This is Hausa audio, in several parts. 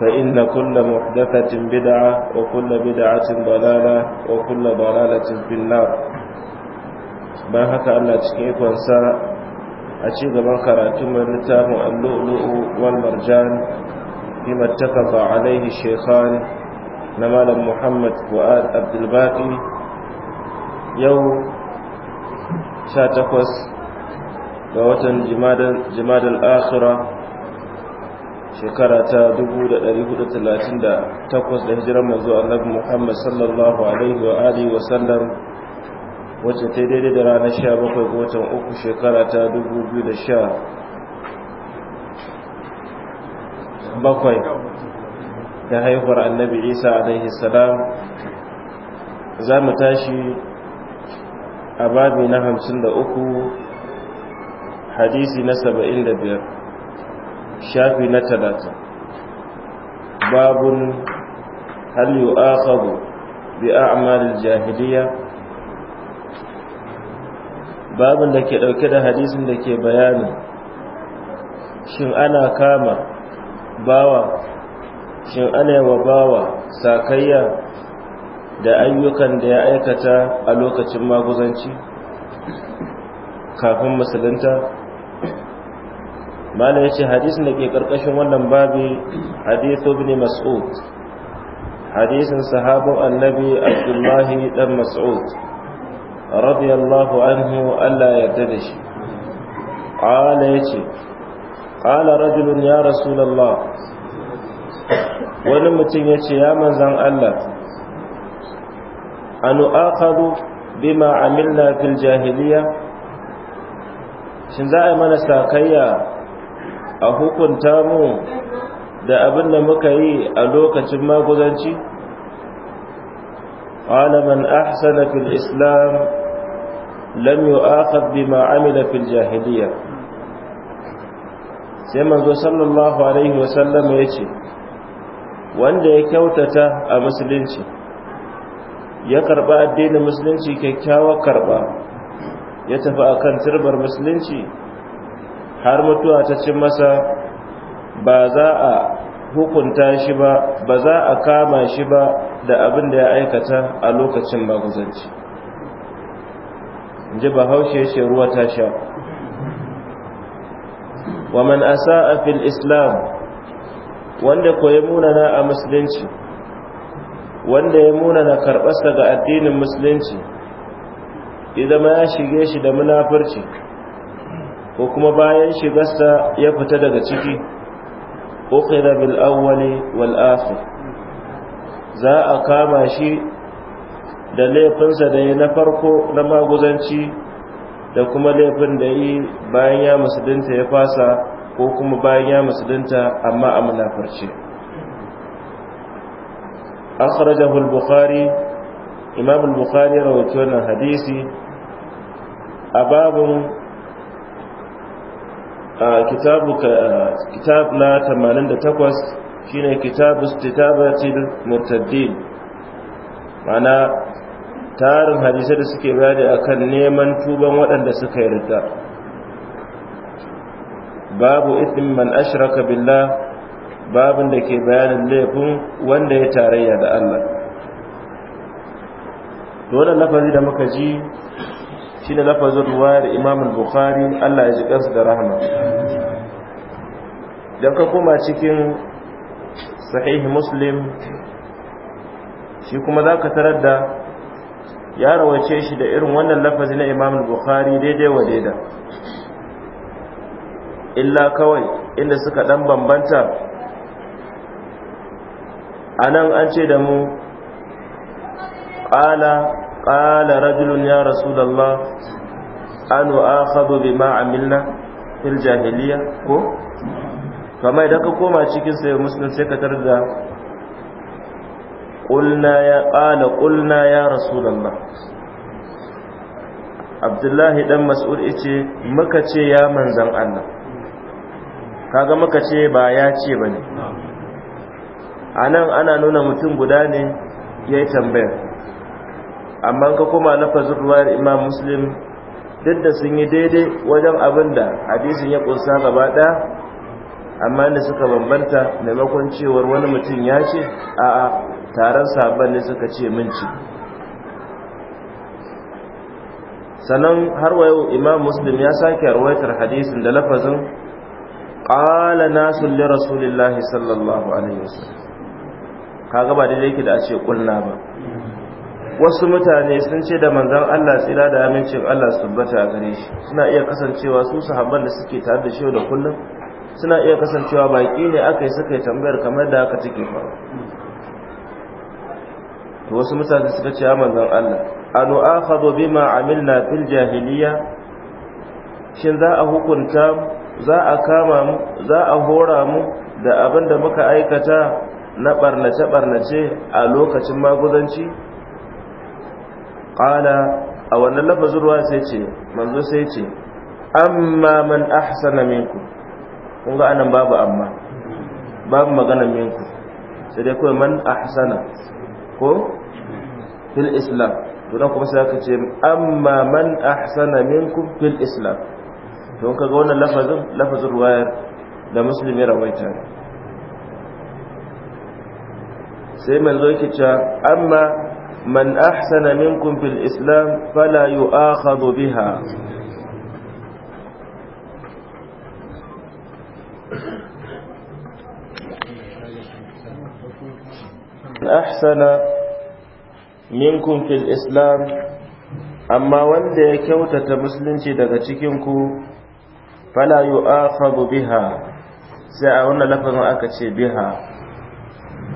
فإن كل محدثة بدعة وكل بدعة ضلالة وكل ضلالة في النار ما هكا ألا تكيك وانسا أشيد من خراتم النتام اللؤلؤ والمرجان فيما اتفق عليه الشيخان نمال محمد فؤاد عبد الباقي يوم شاتقوس ga watan jimadar al'akhira shekara ta 438 da hijiran manzo annabi Muhammad sallallahu alaihi wa alihi wa sallam wacce ta daidai da ranar 17 ga watan uku shekara ta 2017 da haihuwar annabi Isa alaihi salam za mu tashi a babi na 53 hadisi na 75 shafi na talatin babun hal yu'akhadhu bi a'malil jahiliya babun da ke dauke da hadisin da ke bayani shin ana kama bawa shin ana yi wa bawa sakayya da ayyukan da ya aikata a lokacin maguzanci kafin musulunta mala yace hadisin da ke karkashin wannan babi hadithu ibn mas'ud hadisin sahabin annabi abdullahi dan mas'ud radiyallahu anhu Allah ya yarda da shi qala yace qala rajulun ya rasulullah wani mutum yace ya manzan Allah anu akhadu bima amilna fil jahiliya shin za a yi mana sakayya a hukunta mu da abin da muka yi a lokacin maguzanci alaman ahsana fil islam lam yu'akhad bima amila fil jahiliya sai manzo sallallahu alaihi wasallam ce, wanda ya kyautata a musulunci ya karba addinin musulunci kyakkyawar karba ya tafi akan turbar musulunci har mutuwa ta cin masa ba za a hukunta shi ba ba za a kama shi ba da abin da ya aikata a lokacin maguzanci ji ba haushe shi ruwa ta sha wa man asa'a fil islam wanda koyi munana a musulunci wanda ya munana sa ga addinin musulunci idan ma ya shige shi da munafurci ko kuma bayan shigarsa ya fita daga ciki ukhira bil awwali wal za a kama shi da laifinsa da ya na farko na maguzanci da kuma laifin da yi bayan ya musulunta ya fasa ko kuma bayan ya musulunta amma a munafarce akhrajahu al-bukhari imam al-bukhari hadisi a babun kitabu kitab na 88 shine kitabus istitabatil mana tarin hadisai da suke bayani akan neman tuban waɗanda suka yarda babu ithmin man ashraka billah babin da ke bayanin laifin wanda ya tarayya da Allah dole lafazi da muka ji ne lafazin ruwa da imamun bukari. Allah ya ji kansa da rahama dan ka koma cikin sahihi muslim shi kuma za ka tarar da ya rawace shi da irin wannan lafazi na imamun bukari daidai wa daida illa kawai inda suka ɗan bambanta A nan an ce da mu ƙala قال رجل يا رسول الله أن آخذ بما عملنا في الجاهلية فما إذا كما تشكي سيد مسلم سيكتر ذا قلنا يا قال قلنا يا رسول الله عبد الله دم مسؤول إتي مكتي يا منزل الله kaga maka ce ba ya ce ba ne a ana nuna mutum guda ne ya yi tambayar amma ka koma lafazin ruwayar imam muslim duk da sun yi daidai wajen abin da hadisin ya kunsa gaba ɗaya amma ne suka bambanta maimakon cewar wani mutum ya ce a taron sabon ne suka ce min ci sannan har yau imam muslim ya sake rawaitar hadisin da lafazin ƙala nasu li rasulillahi sallallahu alaihi wasallam kaga ba daidai yake da a ce ƙulna ba wasu mutane sun ce da manzan Allah tsira da amincin Allah su bata a gare shi suna iya kasancewa su sahabban da suke tare da shi da kullum suna iya kasancewa baki ne aka yi suka yi tambayar kamar da aka cike faru to wasu mutane suka ce manzan Allah anu akhadhu bima amilna fil jahiliya shin za a hukunta za a kama mu za a hora mu da abin da muka aikata na barnace barnace a lokacin maguzanci qala a wannan lafazin ruwa sai ce manzo sai ce amma man ahsana minkum kun ga anan babu amma babu magana minku sai dai kawai man ahsana ko fil islam to dan kuma sai aka ce amma man ahsana minkum fil islam don ga wannan lafazin lafazin ruwa da muslimi rawaita sai manzo yake cewa amma من أحسن منكم في الإسلام فلا يؤاخذ بها من أحسن منكم في الإسلام أما وند كوتة مسلم شدك تكينكو فلا يؤاخذ بها سأعون لفظ أكتش بها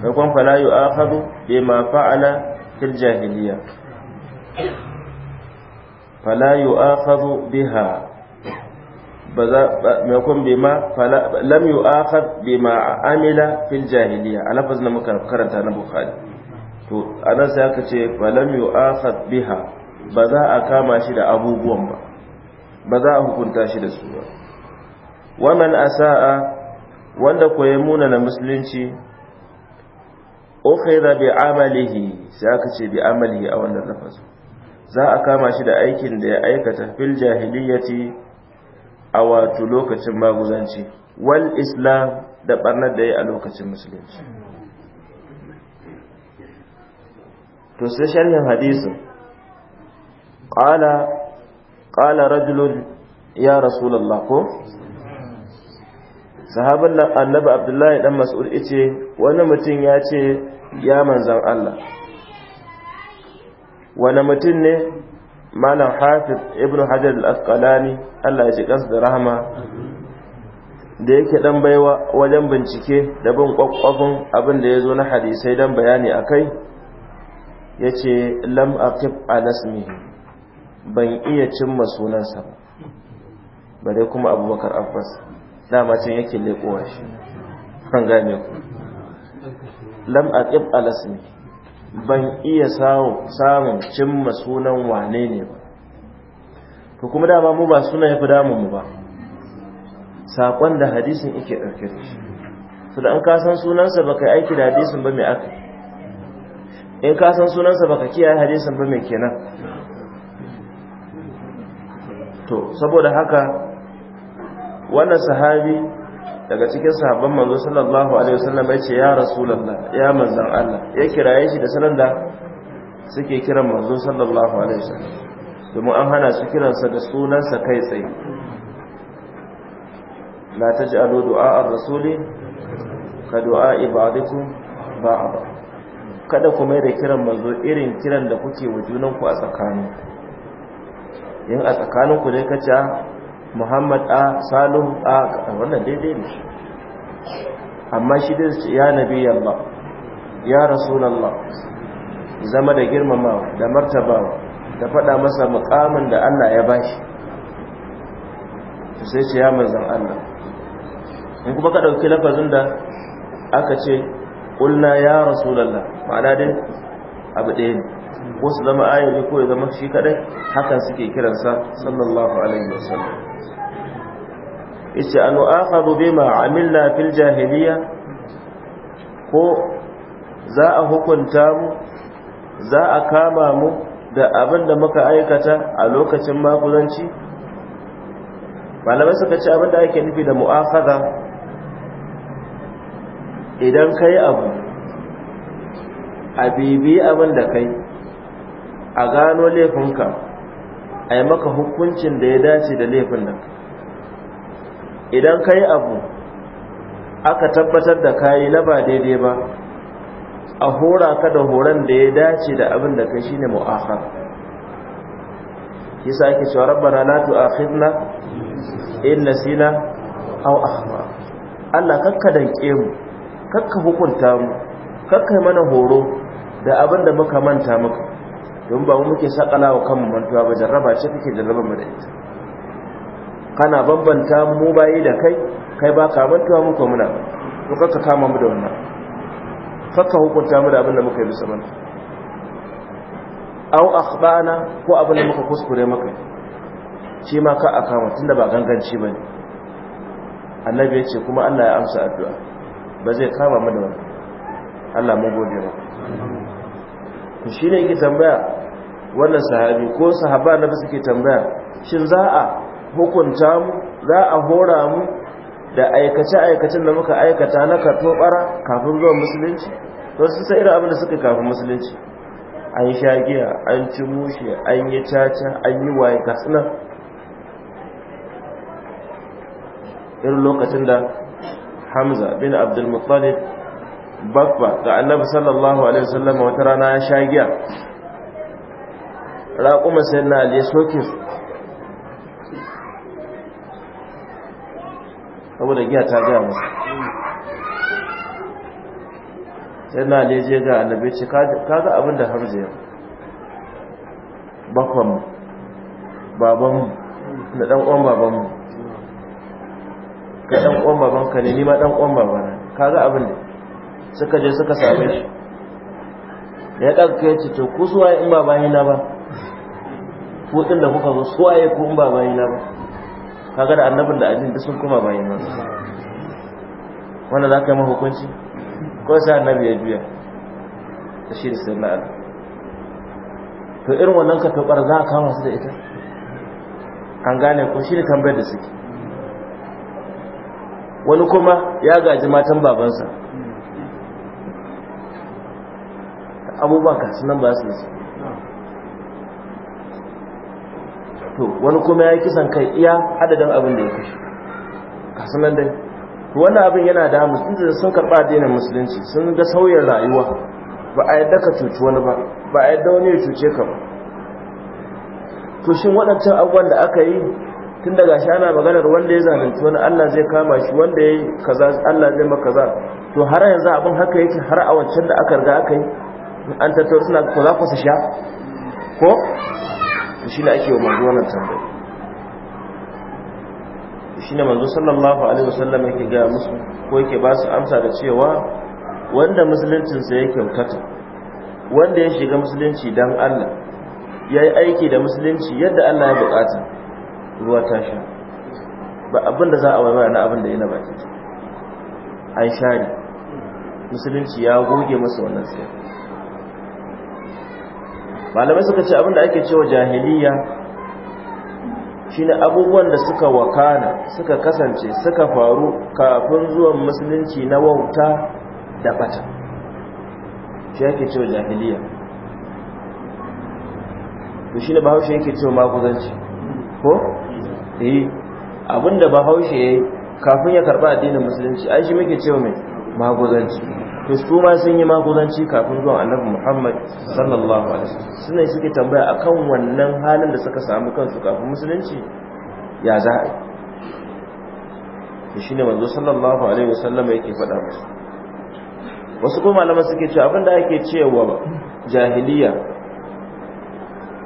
فقم فلا يؤاخذ بما فعل في الجاهلية فلا يؤاخذ biha maimakon bima lam yu'akhad bima amila fil a lafazin da muka karanta na to anan sai aka ce falam yu'akhad biha ba za a kama shi da abubuwan ba ba za a hukunta shi da su ba waman asa'a wanda koyi muna na musulunci ukhidha bi amalihi sai aka ce bi amalihi a wannan lafazin za a kama shi da aikin da ya aikata fil jahiliyyati a wato lokacin maguzanci wal islam da barnar da ya a lokacin musulunci to sai sharhin hadisin qala qala rajulun ya rasulullah ko sahabin nan annabi abdullahi dan mas'ud yace wani mutum ya ce ya manzan Allah wani mutum ne malam hafiz ibnu hajar al-asqalani Allah ya ji kansa da rahama da yake dan baiwa wajen bincike da bin kwakwafin abin da ya zo na hadisai dan bayani a kai ya ce lam aqib ban iya cimma sunansa ba dai kuma abubakar abbas dama can yake leƙowa shi kan gane ku lam aqib alasmi ban iya samun cimma sunan wane ne ba to kuma dama mu ba suna yafi damun mu ba saƙon da hadisin yake ɗauke da shi su da an ka san sunansa baka aiki da hadisin ba mai aka in ka san sunansa baka kiyaye hadisin ba mai kenan to saboda haka wannan sahabi daga cikin sahabban manzo sallallahu alaihi wasallam ya ce ya rasulullah ya manzon Allah ya kiraye shi da sanan da suke kiran manzo sallallahu alaihi wasallam domin an hana su kiransa da sunansa kai tsaye la taj'alu du'a ar-rasuli ka du'a ibadikum ba'd kada ku mai da kiran manzo irin kiran da kuke wa junanku a tsakanin Yin a tsakanin ku ne kaca muhammad a salihu a wannan daidai ne amma shi da su ya nabi Allah ya rasulallah zama da girmamawa da martabawa da faɗa masa mukamin da Allah ya bashi to sai ce ya manzan Allah in kuma ka dauki lafazin da aka ce ƙulna ya rasulallah ma'ana dai abu ɗaya ne ko su zama ayyari ko ya zama shi kaɗai hakan suke kiransa sallallahu alaihi wasallam yace an nu'akhadhu bima amilna fil jahiliya ko za a hukunta mu za a kama mu da abin da muka aikata a lokacin makulanci malamai suka ce abin da ake nufi da mu'akhadha idan kai abu a bibi abin da kai a gano laifinka a yi maka hukuncin da ya dace da laifin da kai idan ka yi abu aka tabbatar da yi na ba daidai ba a hora ka da horon da ya dace da abin da kai shine mu'akhar yasa ake cewa rabbana la tu'akhidna in nasina aw akhta Allah kakka danke mu kakka hukunta mu kakka mana horo da abin da muka manta muka don ba mu muke sakala wa kanmu mantuwa ba jarraba ce kake jarraba mu da ita kana bambanta mu bayi da kai kai ba ka mantuwa muka muna to kaka kama mu da wannan kaka hukunta mu da abin da muka yi bisa mana? au akhbana ko abin da muka kuskure maka shi ma ka a kama tunda ba ganganci bane annabi ya ce kuma Allah ya amsa addu'a ba zai kama mu da wannan Allah mu gode maka to shine yake tambaya wannan sahabi ko sahaba na suke tambaya shin za a hukunta mu za a hora mu da aikace-aikacen da muka aikata na katobara kafin zuwa musulunci to sun sai irin abin da suka kafin musulunci an sha giya an ci mushe an yi caca an yi waye katsina irin lokacin da hamza bin abdulmuttalib babba ga annabi sallallahu alaihi wasallam wata rana ya sha giya raƙuma sai na aliyu soke saboda giya ta gaya masa sai na ne je ga annabi ce kaga abin da hamza ya bakwan baban da dan uwan baban mu ka dan uwan baban ka ne ni ma dan uwan babana kaga abin da suka je suka same shi ya ya ce to ku suwaye in ba ba ku ɗin da kuka zo suwaye ku in ba ba kaga da annabin da addini duk sun kuma bayan nan wanda za ka yi mahukunci ko sai annabi ya juya da shi da sirna ala to irin wannan ka tobar za a kama su da ita an gane ko shi ne tambayar da suke wani kuma ya gaji matan babansa Abubakar sunan ba su da su to wani kuma ya kisan kai iya adadin abin da ya kashe nan dai wannan abin yana musulunci da sun karɓa addinin musulunci sun ga sauyin rayuwa ba a yadda ka cuci wani ba ba a yadda wani ya cuce ka ba to shin waɗancan abubuwan da aka yi tun daga shi ana maganar wanda ya zalunci wani Allah zai kama shi wanda ya yi kaza Allah zai maka za, to har yanzu abin haka yake har a wancan da aka riga aka yi an tattaunawa suna ko za ku su sha ko shi ne ake wa manzo wannan tambayi shi ne manzo sallallahu alaihi wasallam yake ga musu ko yake ba su amsa da cewa wanda musuluncinsa ya kyautata wanda ya shiga musulunci dan Allah ya yi aiki da musulunci yadda Allah ya bukata ruwa ta sha ba abin da za a wani na abin da yana baki an shari musulunci ya goge masa wannan tsaye malamai suka ce abinda ake cewa jahiliya shine abubuwan da suka wakana suka kasance suka faru kafin zuwan musulunci na wauta da bata shi ake cewa jahiliya to shine bahaushe yake cewa maguzanci ko eh abinda bahaushe kafin ya karba addinin musulunci ai shi muke cewa mai maguzanci to su ma sun yi magudanci kafin zuwa annabi Muhammad sallallahu alaihi wasallam sune suke tambaya akan wannan halin da suka samu kansu kafin musulunci ya za a yi ne wanzu sallallahu alaihi wasallam yake faɗa musu wasu kuma malaman suke cewa abinda ake cewa jahiliya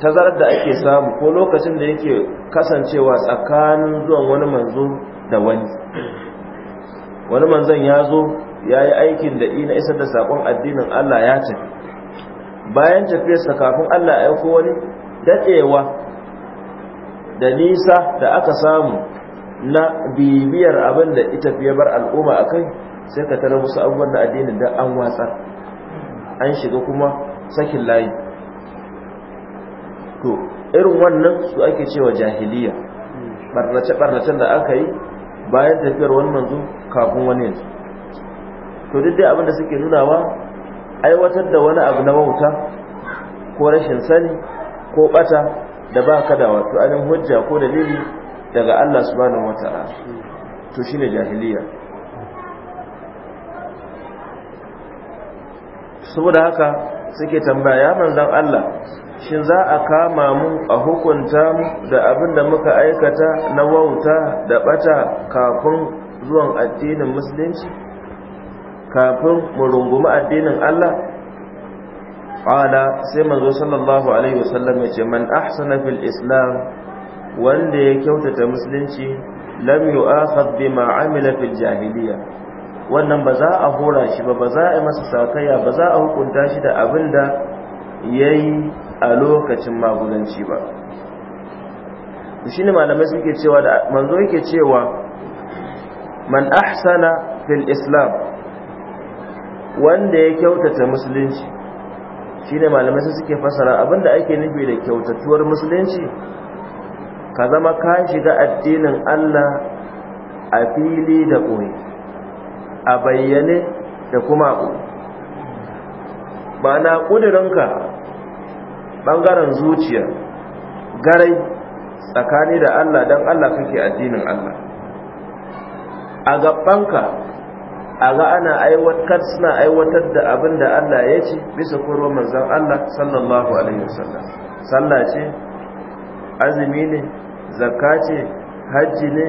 ta zarar da ake samu ko lokacin da yake kasancewa tsakanin zuwan wani manzo da wani wani manzon ya zo ya yi aikin da ina isar da saƙon addinin Allah ya tafi bayan tafiyarsa kafin Allah ya aiko wani daɗewa da nisa da aka samu na bibiyar abin da ita fiye bar al'umma a kai sai ka tara musu abubuwan na addinin da an watsar an shiga kuma sakin layi to irin wannan su ake cewa jahiliya barnace-barnacen da aka yi bayan tafiyar wani manzu kafin wani yanzu to duk dai abin da suke nunawa aiwatar da wani abu na wauta ko rashin sani ko bata da ba ka da wato anin hujja ko dalili daga Allah subhanahu wata'ala to shine jahiliya saboda haka suke tambaya ya manzon Allah shin za a kama mu a hukunta mu da abin da muka aikata na wauta da bata kafin zuwan addinin musulunci kafin mu rungumi addinin Allah qala sai manzo sallallahu alaihi wasallam ya ce man ahsana fil islam wanda ya kyautata musulunci lam yu'akhad bima amila fil jahiliya wannan ba za a hora shi ba ba za a masa sakaya ba za a hukunta shi da abinda yayi a lokacin magudanci ba shine malamai suke cewa da manzo yake cewa man ahsana fil islam wanda ya kyautata musulunci shi ne malamai suke fasara abinda ake nufi da kyautatuwar musulunci ka zama ka shiga addinin Allah a fili da ɓoye, a bayyane da kuma ba ma'ana ƙudurinka ɓangaren zuciya garai tsakani da Allah don Allah kake addinin Allah a gabanka a ga ana aiwatar suna aiwatar da abin da Allah ya ce bisa korowar manzan Allah sallallahu alaihi wasallam sallah ce azumi ne zakka ce hajji ne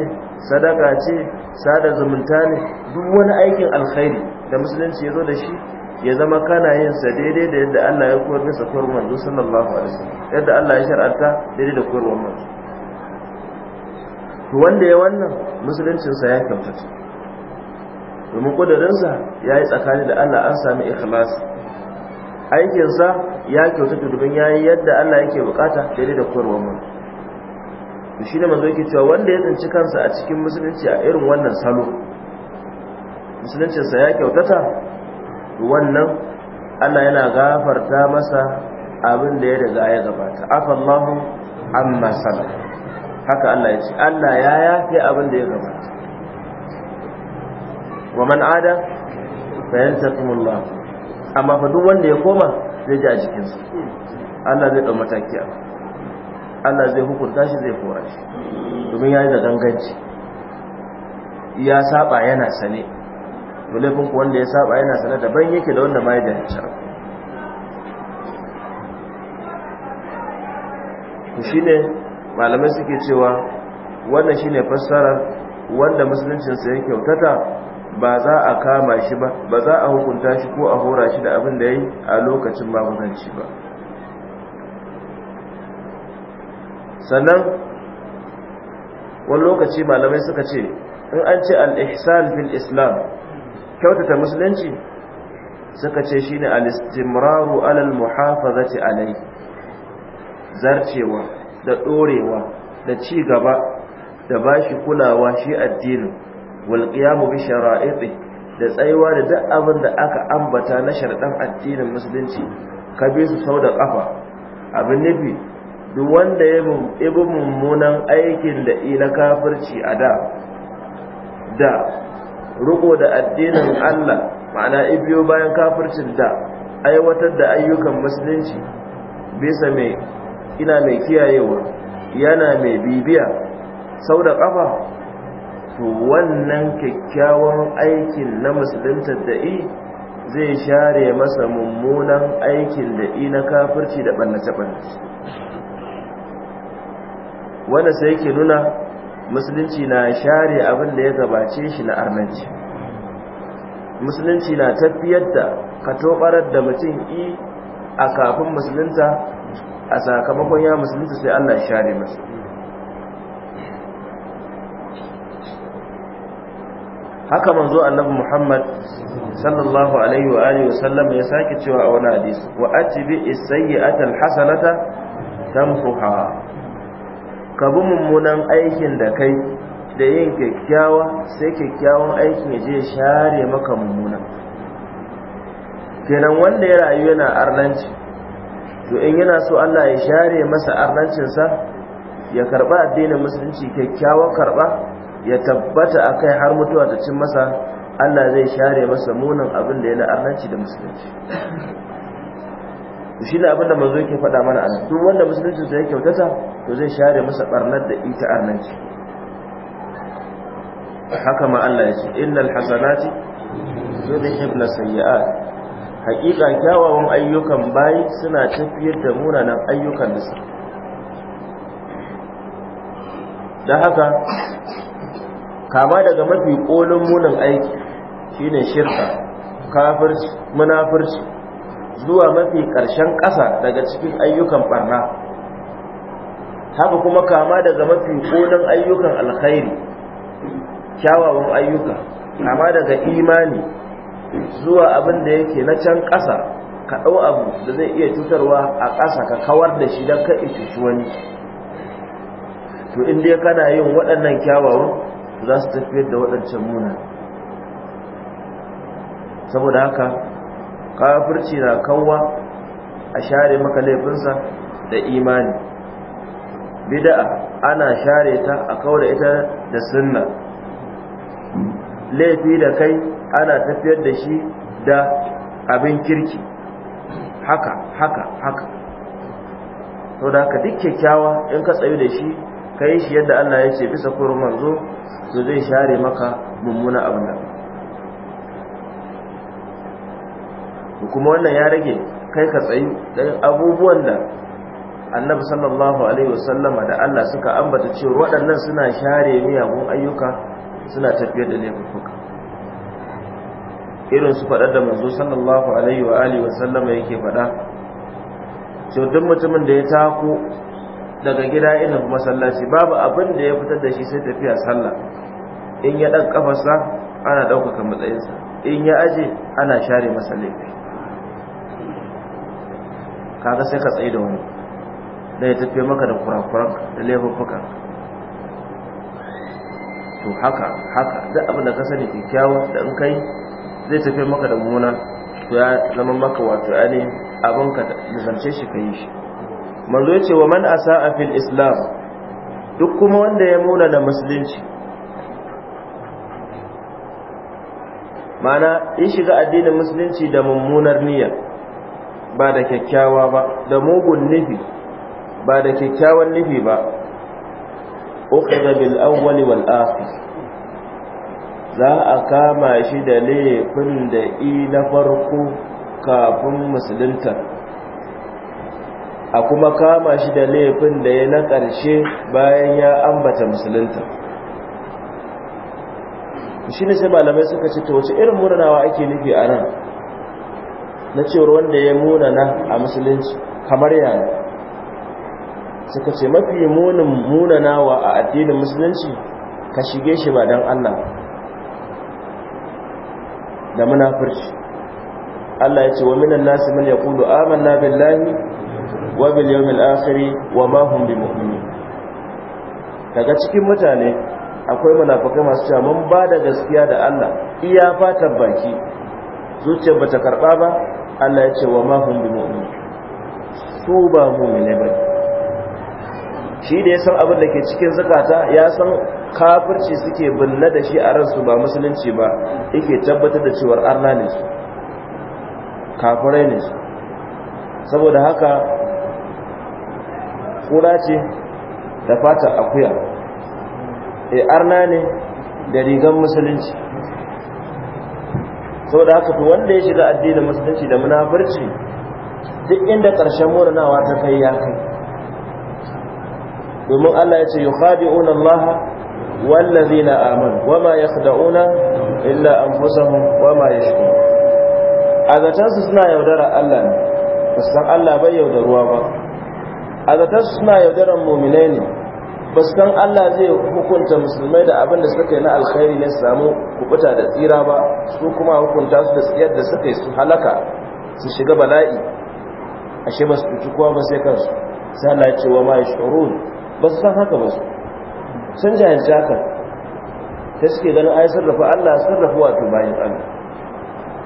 sadaka ce sada zumunta ne duk wani aikin alkhairi da musulunci ya zo da shi ya zama kana yin sa daidai da yadda Allah ya koyar bisa korowar manzo sallallahu alaihi wasallam yadda Allah ya shar'anta daidai da korowar manzo to wanda ya wannan musuluncinsa ya kyautata domin kudurinsa ya yi tsakani da Allah an sami ikhlas aikinsa ya kyautata domin ya yi yadda Allah yake bukata daidai da koyarwar mu shi ne mazo yake cewa wanda ya tsinci kansa a cikin musulunci a irin wannan salo musuluncinsa ya kyautata wannan Allah yana gafarta masa abin da ya riga ya gabata afallahu amma sala haka Allah ya ce Allah ya yafe abin da ya gabata wa man ada fayantakumullah amma fa duk wanda ya koma zai ji a jikinsa Allah zai dau mataki Allah zai hukunta shi zai kora shi domin yayi da danganci. ya saba yana sane to laifin ku wanda ya saba yana sane daban yake da wanda ma ya jahilci to shine malamai suke cewa wannan shine fassarar wanda musuluncinsa ya kyautata ba za a kama shi ba ba za a hukunta shi ko a hora shi da abin da ya yi a lokacin magudanci ba sannan wani lokaci malamai suka ce in an ce al-ihsan islam kyautata musulunci suka ce shine al-istimraru alal muhafazati alai zarcewa da ɗorewa, da ci gaba da bashi kulawa shi addinin wal qiyamu bi shara'iqi da tsayuwa da duk abin da aka ambata na sharɗan addinin musulunci ka bi su sau da kafa abin nufi duk wanda ya bi mummunan aikin da ila kafirci a da da riko da addinin Allah ma'ana ibiyo bayan kafircin da aiwatar da ayyukan musulunci bisa mai ina mai kiyayewa yana mai bibiya sau da kafa to wannan kyakkyawan aikin na musulunta da zai share masa mummunan aikin da na kafirci da ɓannace-ɓannace wanda sai ke nuna musulunci na share abin da ya gabace shi na arnanci musulunci na tafiyar da katobarar da mutum i a kafin musulunta a sakamakon ya musulunta sai allah share masa haka manzo annabi Muhammad sallallahu alaihi wa alihi wasallam ya sake cewa a wani hadisi wa atibi as-sayyi'ata al-hasanata tamhuha ka bi mummunan aikin da kai da yin kyakkyawa sai kyakkyawan aikin ya je share maka mummunan kenan wanda ya rayu yana arnanci to in yana so Allah ya share masa arnancinsa ya karba addinin musulunci kyakkyawan karba ya tabbata a kai har mutuwa ta cin masa Allah zai share masa munin abin da ya Arnaci da musulunci shi ne abin da mazo yake faɗa mana a duk wanda musulunci sai ya kyautata to zai share masa barnar da ita arnanci haka ma Allah ya ce innal hasanati yudhibna sayyi'at haƙiƙa kyawawan ayyukan bayi suna tafiyar da munanan ayyukan da su da haka kama daga mafi ƙolin munin aiki shine shirka kafirci munafirci zuwa mafi ƙarshen ƙasa daga cikin ayyukan barna haka kuma kama daga mafi ƙolin ayyukan alkhairi kyawawan ayyuka kama daga imani zuwa abin da yake na can ƙasa ka ɗau abu da zai iya cutarwa a ƙasa ka kawar da shi don ka cuci wani to inda kana yin waɗannan kyawawan za su tafiyar da waɗancan muna saboda haka kafirci na kawwa a share maka laifinsa da imani bida'a ana share ta a kawar ita da sunna laifi da kai ana tafiyar da shi da abin kirki haka haka haka sau da haka duk kyakkyawa in ka tsayu da shi ka yi shi yadda Allah ya ce bisa kurin manzo to zai share maka mummuna abin ku. kuma wannan ya rage kai ka tsayi ɗan abubuwan da annabi sallallahu alaihi wasallama da Allah suka ambata cewa waɗannan suna share miyagun ayyuka suna tafiyar da laifuka irin su faɗar da manzo sallallahu alaihi wa alihi wasallama yake faɗa cewa duk mutumin da ya tako daga gida ina kuma sallaci babu abin da ya fitar da shi sai tafiya sallah in ya dan kafarsa ana daukaka matsayinsa in ya aje ana share masa laifi kaga sai ka tsaye da wani da ya tafi maka da kurakuran da laifuffukan to haka haka duk abin da ka sani kyakkyawa da in kai zai tafi maka da mummuna to ya zama maka wato ainihin abin ka zance shi ka yi shi manzo yace wa man a fil islam duk kuma wanda ya muna na musulunci mana in shiga addinin musulunci da mummunar niyya ba da kyakkyawa ba da mugun nufi ba da kyakkyawan nufi ba uqida bil awwal wal akhir za a kama shi da laifin da i na farko kafin musulunta a kuma kama shi da laifin da ya na ƙarshe bayan ya ambata musulunta shi ne sai malamai suka ce ta wace irin murnawa ake nufi a nan na cewar wanda ya munana a musulunci kamar yana suka ce mafi munin munanawa a addinin musulunci ka shige shi ba don allah da munafurci allah ya ce wa minan nasi ya yaqulu amanna billahi wa bil yawmil wa ma hum bi mu'minin daga cikin mutane akwai munafikai masu cewa mun ba da gaskiya da Allah iya fatan baki zuciyar bata karba ba Allah ya ce wa ma hum bi mu'minin su ba ne ba shi da ya san abin da ke cikin zakata ya san kafirci suke binne da shi a ransu ba musulunci ba yake tabbatar da cewar arna ne su kafirai ne su saboda haka kura ce da fatar akuya e arna ne da rigar musulunci sau da haka to wanda ya shiga addinin musulunci da munafurci duk inda ƙarshen murnawa ta kai ya kai domin Allah ya ce yi khadi'un Allah wallazi na amin wama ya khada'una illa an fusahun wama ya shi a zatensu suna yaudara Allah ne san Allah bai yaudaruwa ba a zatar suna yaudaran muminai ne ba su kan Allah zai hukunta musulmai da abin da suka yi na alkhairi ne samu kubuta da tsira ba su kuma hukunta su da tsiyar da suka yi su halaka su shiga bala'i ashe ba su fito kowa ba sai kansu sai Allah cewa ce wa ma yashurun ba su san haka ba su sun jahilci haka sai suke ganin ai sarrafa Allah sarrafa wato bayan Allah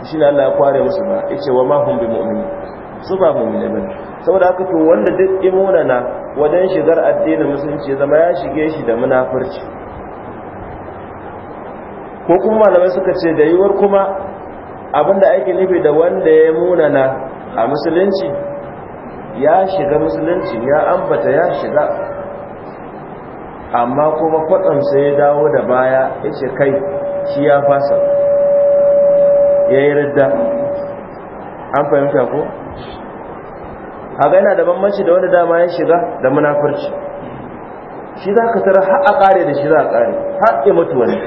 shi ne Allah ya kware musu ba ya ce wa ma hum bi mu'minin su ba mu'mini ne saboda haka to wanda duk na wajen shigar addinin musulunci zama ya shige shi da munafurci ko kuma malamai suka ce da yiwuwar kuma abinda ake nufi da wanda ya munana a musulunci ya shiga musulunci ya ambata ya shiga amma kuma kwatsamsa ya dawo da baya ya ce kai shi ya fasa ya yi ridda an fahimta ko kaga yana da bambanci da wanda dama ya shiga da munafurci shi za ka tara har a kare da shi za a kare har ya mutu wani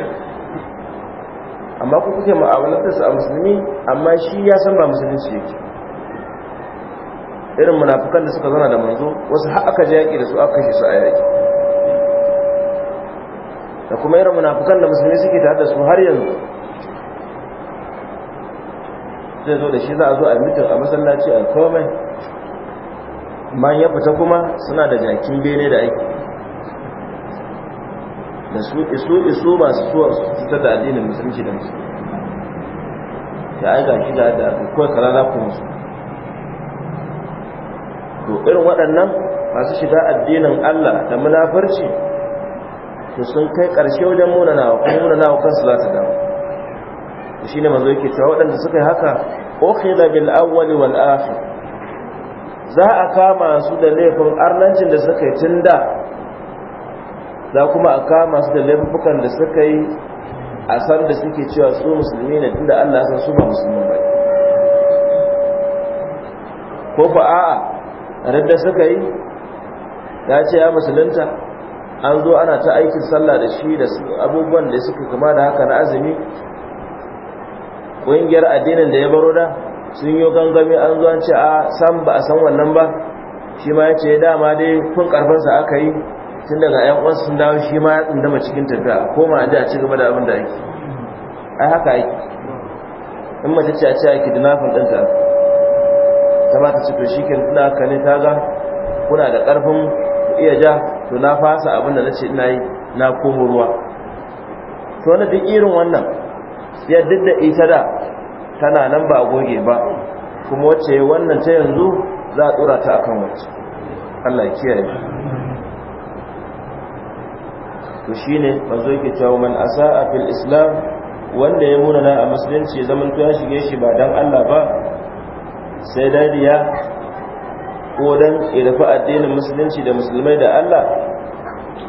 amma ku kuke su a musulmi amma shi ya san ba musulunci yake irin munafukan da suka zana da manzo wasu har aka ji yaƙi da su aka kashe su a yaƙi da kuma irin munafukan da musulmi suke tare da su har yanzu zai zo da shi za a zo a mutum a masallaci a komai bayan ya fita kuma suna da jakin bene da aiki da su isu isu masu suwa su cutar da addinin musulunci da musulunci da ai ga shi da kawai karara kuma su to irin waɗannan masu shiga addinin Allah da munafarci to sun kai ƙarshe wajen munanawa kuma munanawa kansu za su damu shi ne mazo yake cewa waɗanda suka yi haka okhila bil awwali wal akhir za a kama su da laifin arnancin da suka yi tun da za kuma a kama su da laifukan da suka yi a san suke cewa su musulmi ne tun da Allah san su ba musulmi ba ko fa a'a radda suka yi ya ce ya musulunta an zo ana ta aikin sallah da shi da abubuwan da suka kama da haka na azumi ƙungiyar addinin da ya baro da sun yi gangami an zuwa ce a san ba a san wannan ba shi ma ya ce dama dai kun karfansa aka yi tun daga yan wasu sun dawo shi ma ya tsindama cikin tafiya ko ma a ji a ci gaba da abin da ake ai haka yi. in mace ce a ce ake dinafin ɗinta ta ba ta ci to shi ke tuna haka ne ta ga kuna da ƙarfin iya ja to na fasa abin da na ce ina yi na komo ruwa to wani duk irin wannan ya duk da ita da tana nan ba a goge ba kuma wacce wannan ta yanzu za a tsura ta akan wacce Allah kiyaye to shine manzo yake cewa man asaa fil islam wanda ya munana a musulunci zaman to ya shige shi ba dan Allah ba sai dadiya ko dan irafa addinin musulunci da musulmai da Allah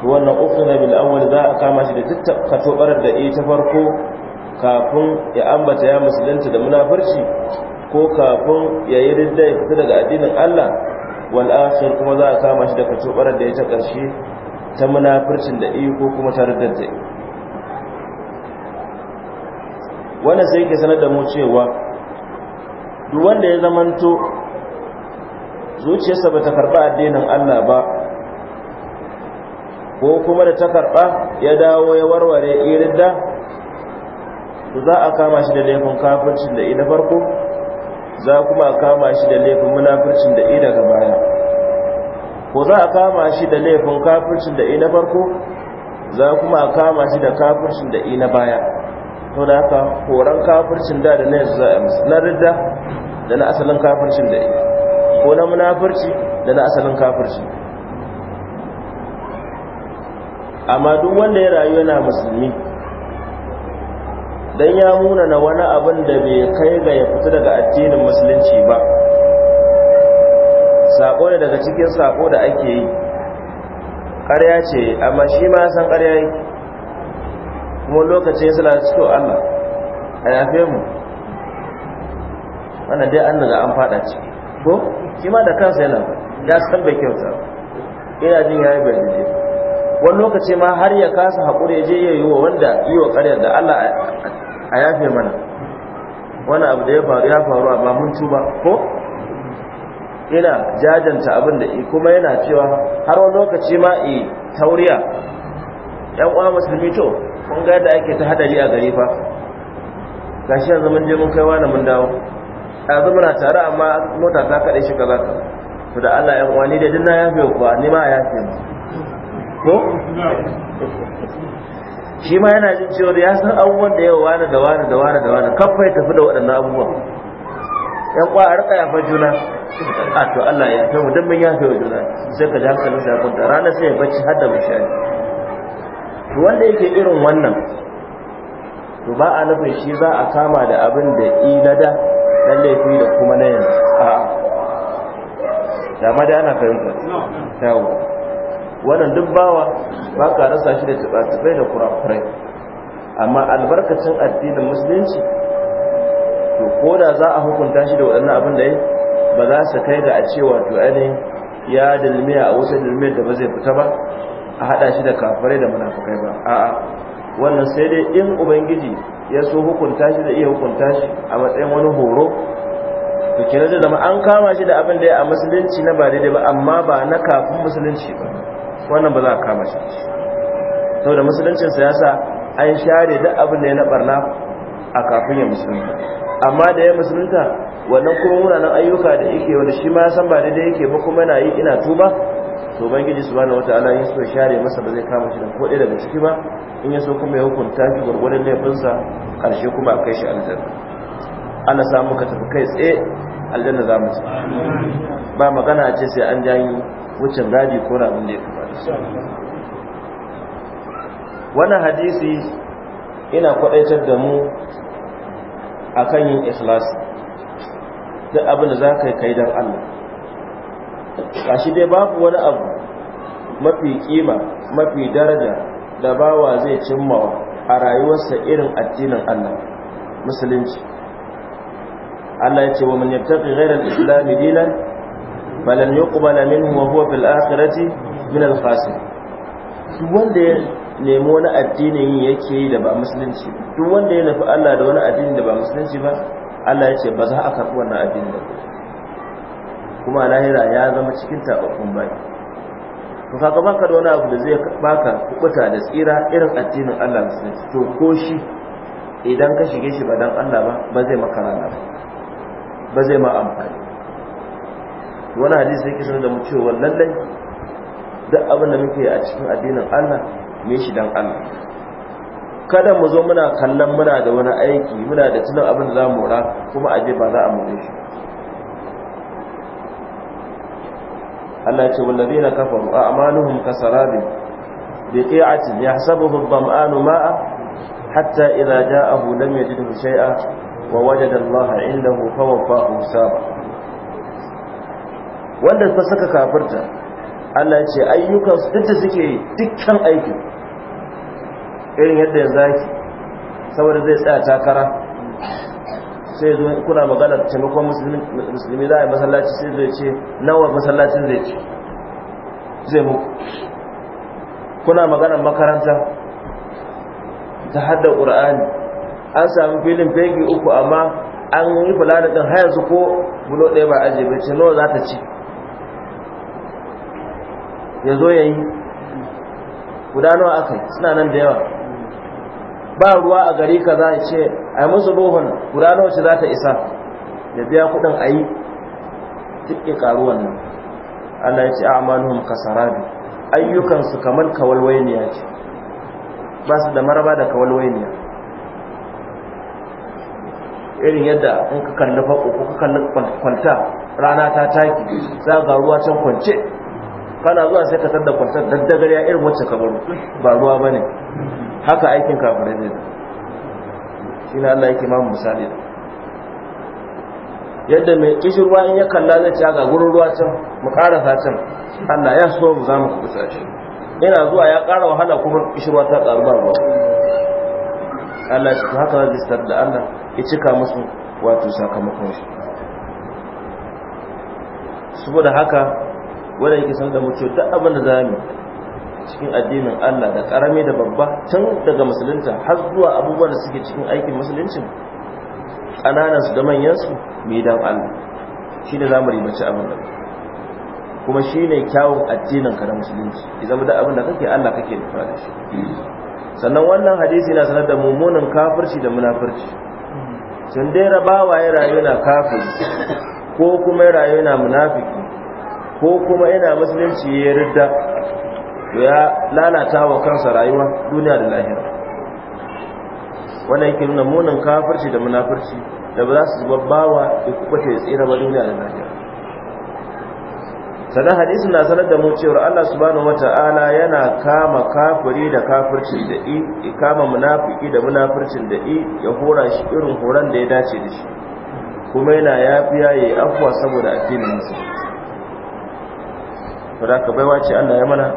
wannan ukuna bil awwal za a kama shi da tattaka tobarar da ita farko kafin ya ambata ya musulunta da munafurci ko kafin ya yi ridda ya fita daga addinin Allah wal kuma za a kama shi da katobarar da ya ta karshe ta munafurcin da iyo ko kuma ta riddar da wannan sai ke sanar da mu cewa duk wanda ya zamanto zuciyarsa ba ta karba addinin Allah ba ko kuma da ta karɓa ya dawo ya warware iridda to za a kama shi da laifin kafircin da ina farko za kuma a kama shi da laifin munafircin da ina daga baya ko za a kama shi da laifin kafircin da ina farko za kuma a kama shi da kafircin da ina baya to da haka horon kafircin da da na za a musu na ridda da na asalin kafircin da ina ko na munafirci da na asalin kafirci amma duk wanda ya rayu yana musulmi dan ya muna na wani abin da bai kai ga ya fita daga addinin musulunci ba sako ne daga cikin sako da ake yi ƙarya ce amma shi ma san ƙarya yi kuma lokacin suna cikin Allah a yafe mu wannan dai an daga an fada ciki ko shi ma da kansa yana ya san bai kyauta ina jin yayi bai daidai wani lokaci ma har ya kasa haƙuri je ya yi wa wanda yi wa ƙaryar da Allah a yafe mana wani abu da ya faru ya faru a ba tuba ko Ina jajanta abin da kuma yana cewa har wani lokaci ma i tauriya yan uwa musulmi to kun ga yadda ake ta hadari a gari fa gashi yanzu mun je mun kai wani mun dawo yanzu muna tare amma mota ta kaɗe shi kaza to da Allah yan uwa ni da na yafe ku ni ma yafe mu ko shi ma yana jin cewa ya san abubuwan da yau wani da wani da wani da wani kafai tafi da waɗannan abubuwan yan kwa a rika yafa juna a to Allah ya fi mu min mun yafe wa juna sai ka ji hankalin sa kunta rana sai ya bacci har da bishani to wanda yake irin wannan to ba a nufin shi za a kama da abin da i na da na laifi da kuma na yanzu a ma da ana fahimta yawo wannan duk bawa ba ka rasa shi da tuba da kurakurai amma albarkacin addinin musulunci to ko da za a hukunta shi da waɗannan abin da ya ba za su kai ga a cewa to ne ya dalmi a wasu dalmi da ba zai fita ba a haɗa shi da kafirai da munafukai ba a'a wannan sai dai in ubangiji ya so hukunta shi da iya hukunta shi a matsayin wani horo to kira da zama an kama shi da abin da ya a musulunci na ba daidai ba amma ba na kafin musulunci ba wannan ba za a kama shi saboda musuluncin sa siyasa an share duk abin da ya na barna a kafin ya musulunta amma da ya musulunta wannan kuma munanan ayyuka da yake wanda shi ma ya san ba dai yake ba kuma na yi ina tuba to ubangiji subhanahu wataala in so ya share masa ba zai kama shi da ko daga ciki ba in ya so kuma ya hukunta shi gwargwadon laifinsa karshe kuma a kai shi aljanna Allah sa muka tafi kai tsaye aljanna za mu ba magana a ce sai an janyi wucin gadi ko rabin da ya Wani hadisi ina kwadaitar da mu akan yin ikhlasi da abin da za ka yi kai don Allah shi dai babu wani abu mafi kima mafi daraja da bawa zai cimmawa a rayuwarsa irin addinin Allah musulunci Allah ya ce wa man yattaqi ghayra al-islam dinan balan yuqbala minhu wa huwa fil akhirati min al-fasid duk wanda ya nemi wani yin yake yi da ba musulunci duk wanda ya nufi Allah da wani addini da ba musulunci ba Allah ya ce ba za a karɓi wannan addini ba kuma lahira ya zama cikin tabakun bai to kaga baka da wani abu da zai baka kubuta da tsira irin addinin Allah musulunci to ko shi idan ka shige shi ba dan Allah ba ba zai maka rana ba zai ma amfani wani hadisi yake sanar da mu cewa lallai duk abin da muke a cikin addinin Allah me shi dan Allah kada mu zo muna kallon muna da wani aiki muna da tunan abin da za mu ra kuma aje ba za a more shi Allah ce wallazina kafaru a'maluhum bi qi'ati yahsabuhu adh-dhama'anu ma'a hatta idza ja'ahu lam yajidhu shay'a wa wajada Allah 'indahu fawaffahu hisaba wanda ta saka kafirta Allah ya ce ayyukan su duk da suke yi dukkan aiki irin yadda ya zaki saboda zai tsaya takara sai zo kuna magana taimakon musulmi za a yi masallaci sai zai ce nawa masallacin zai ce zai muku kuna magana makaranta ta hada qurani an sami filin fegi uku amma an yi fulani ɗin har yanzu ko bulo ɗaya ba ajiye bai ce nawa za ta ci ya zo ya yi guda nawa aka yi suna nan da yawa ba ruwa a gari za a ce a yi musu ruhun. guda nawa ce za ta isa ya biya kudin a yi tukke karuwan nan Allah ya ce kasara kasarabi ayyukansu kamar kawalwainiya ce ba su da maraba da kawalwainiya irin yadda in ka kalli fako ko ka kalli kwanta rana ta taki za ga ruwa can kwance kana zuwa sai ka tada kwantar daddagar ya irin wacce ka baro ba ruwa bane haka aikin kafirai ne shine Allah yake mamu misali da yadda mai kishi ruwa in ya kalla zai ci ga gurin ruwa can mu ƙara can Allah ya so mu za mu kusa shi yana zuwa ya ƙara wahala kuma kishi ruwa ta ƙaru ba ruwa Allah shi haka rajistar da Allah ya cika musu wato sakamakon shi saboda haka wanda yake san da mu ce duk abin da za mu cikin addinin Allah da karami da babba tun daga musulunta har zuwa abubuwan da suke cikin aikin musuluncin ƙananansu da manyansu mai dan Allah shi ne zamu mu ribaci abin da kuma shi ne kyawun addinin ka da musulunci idan da abin da kake Allah kake nufa da shi sannan wannan hadisi na sanar da mummunan kafirci da munafirci Tun dai rabawa ya rayu na kafiri ko kuma ya rayu na munafiki ko kuma yana musulunci ya ridda ya lalata wa kansa rayuwa duniya da lahira wannan yake nuna munin kafirci da munafirci da ba za su zuba bawa ya kuɓace ya tsira ba duniya da lahira sannan hadisi na sanar da mu cewar Allah subhanahu wata'ala yana kama kafiri da kafirci da i ya kama munafiki da munafircin da i ya hora shi irin horon da ya dace da shi kuma yana yafiya ya yi afuwa saboda addinin musulunci da ka baiwa ce Allah ya mana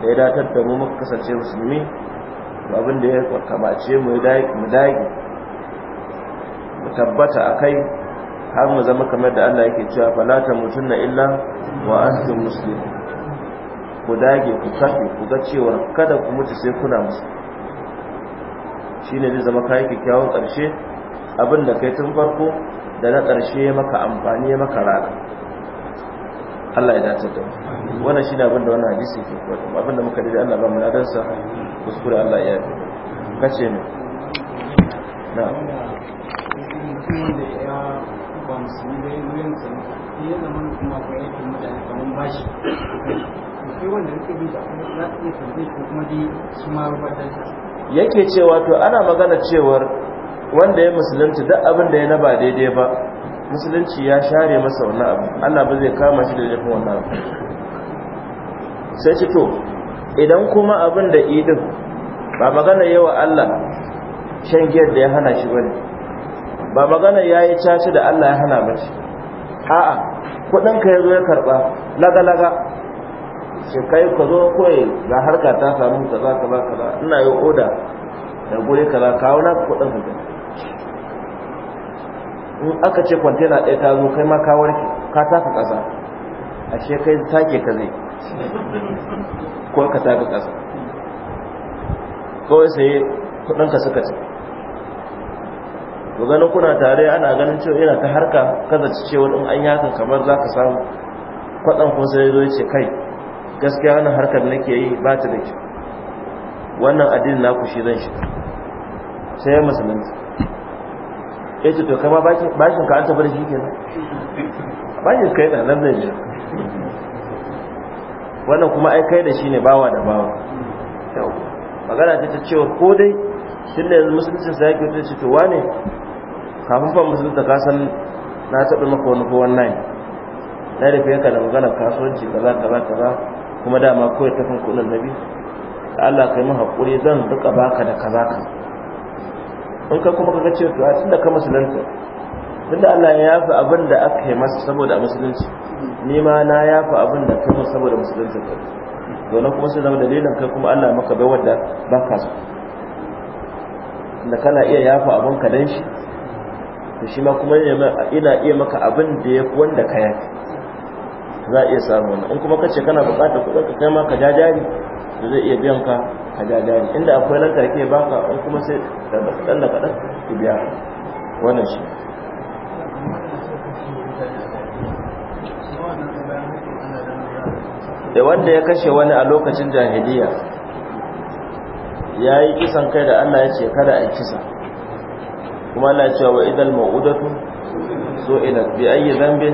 da ya datar da mu muka kasance musulmi abin da ya kamace mu dage mu tabbata a kai har mu zama kamar da Allah yake cewa fala ta mutunna illa wa antum muslimun ku dage ku kafi ku ga cewa kada ku mutu sai kuna musu shine zai zama kai kikkiawan karshe abin da kai tun farko da na karshe maka amfani maka rana Allah ya dace da mu wannan ne abin da wannan hadisi ke koyar abin da muka dade Allah ba munadarsa, kuskure Allah ya yi kace ne na ya yake cewa to ana magana cewar wanda ya musulunci duk abin da ya na ba daidai ba musulunci ya share masa wannan abu Allah ba zai kama shi da jefin wannan abu sai ci to idan kuma abin da idin ba magana yawa Allah shan giyar da ya hana shi bane ba magana ya yi cashe da Allah ya hana ba shi a'a kudinka ya zo ya karba laga-laga sai kai ka zo kawai ga harka ta samu ta za ka ba ka ina yi oda da gure ka za kawo na kudin ka in aka ce kwantena ɗaya ta zo kai ma ka warke ka taka ƙasa ashe kai take ka zai ko ka taka ƙasa kawai sai kudinka suka ce to ganin kuna tare ana ganin cewa yana ta harka kada ci cewa in an yi kamar za ka samu kwaɗan ko sai zo ce kai gaskiya wani harkar nake yi ba ta da kyau wannan adil na ku shi zan shi sai ya musulunci ya ce to kama bakin ka an tabbata shi nan bakin ka yi nan zai jira wannan kuma ai kai da shi ne bawa da bawa magana ta cewa ko dai shi ne yanzu musulunci sa yake wuce to wane kafin fa musulunta ka san na taɓa maka wani ko wannan na rufe ka da magana kasuwanci kaza kaza kaza kuma dama kawai tafin na nabi da Allah kai mu haƙuri zan duka baka da kaza ka in ka kuma kaga cewa to a da ka musulunta da Allah ya yafi abin da aka yi masa saboda musulunci ni ma na yafa abin da kai saboda musulunci ka dole kuma sai zama dalilin kai kuma Allah maka bai wanda ba ka so da kana iya yafa abin ka dan shi to shi ma kuma ina iya maka abin da yafi wanda ka yafi za a iya samu wannan in kuma kace kana buƙatar kuɗin ka kai ma ka jajari da zai iya biyan ka ka jajari inda akwai lantarki ya baka in kuma sai da kaɗan da kaɗan ku biya wannan shi da wanda ya kashe wani a lokacin jahiliya ya yi kisan kai da Allah ya ce kada a kisa kuma Allah ya ce wa idal ma'udatu so ila bi ayi zambi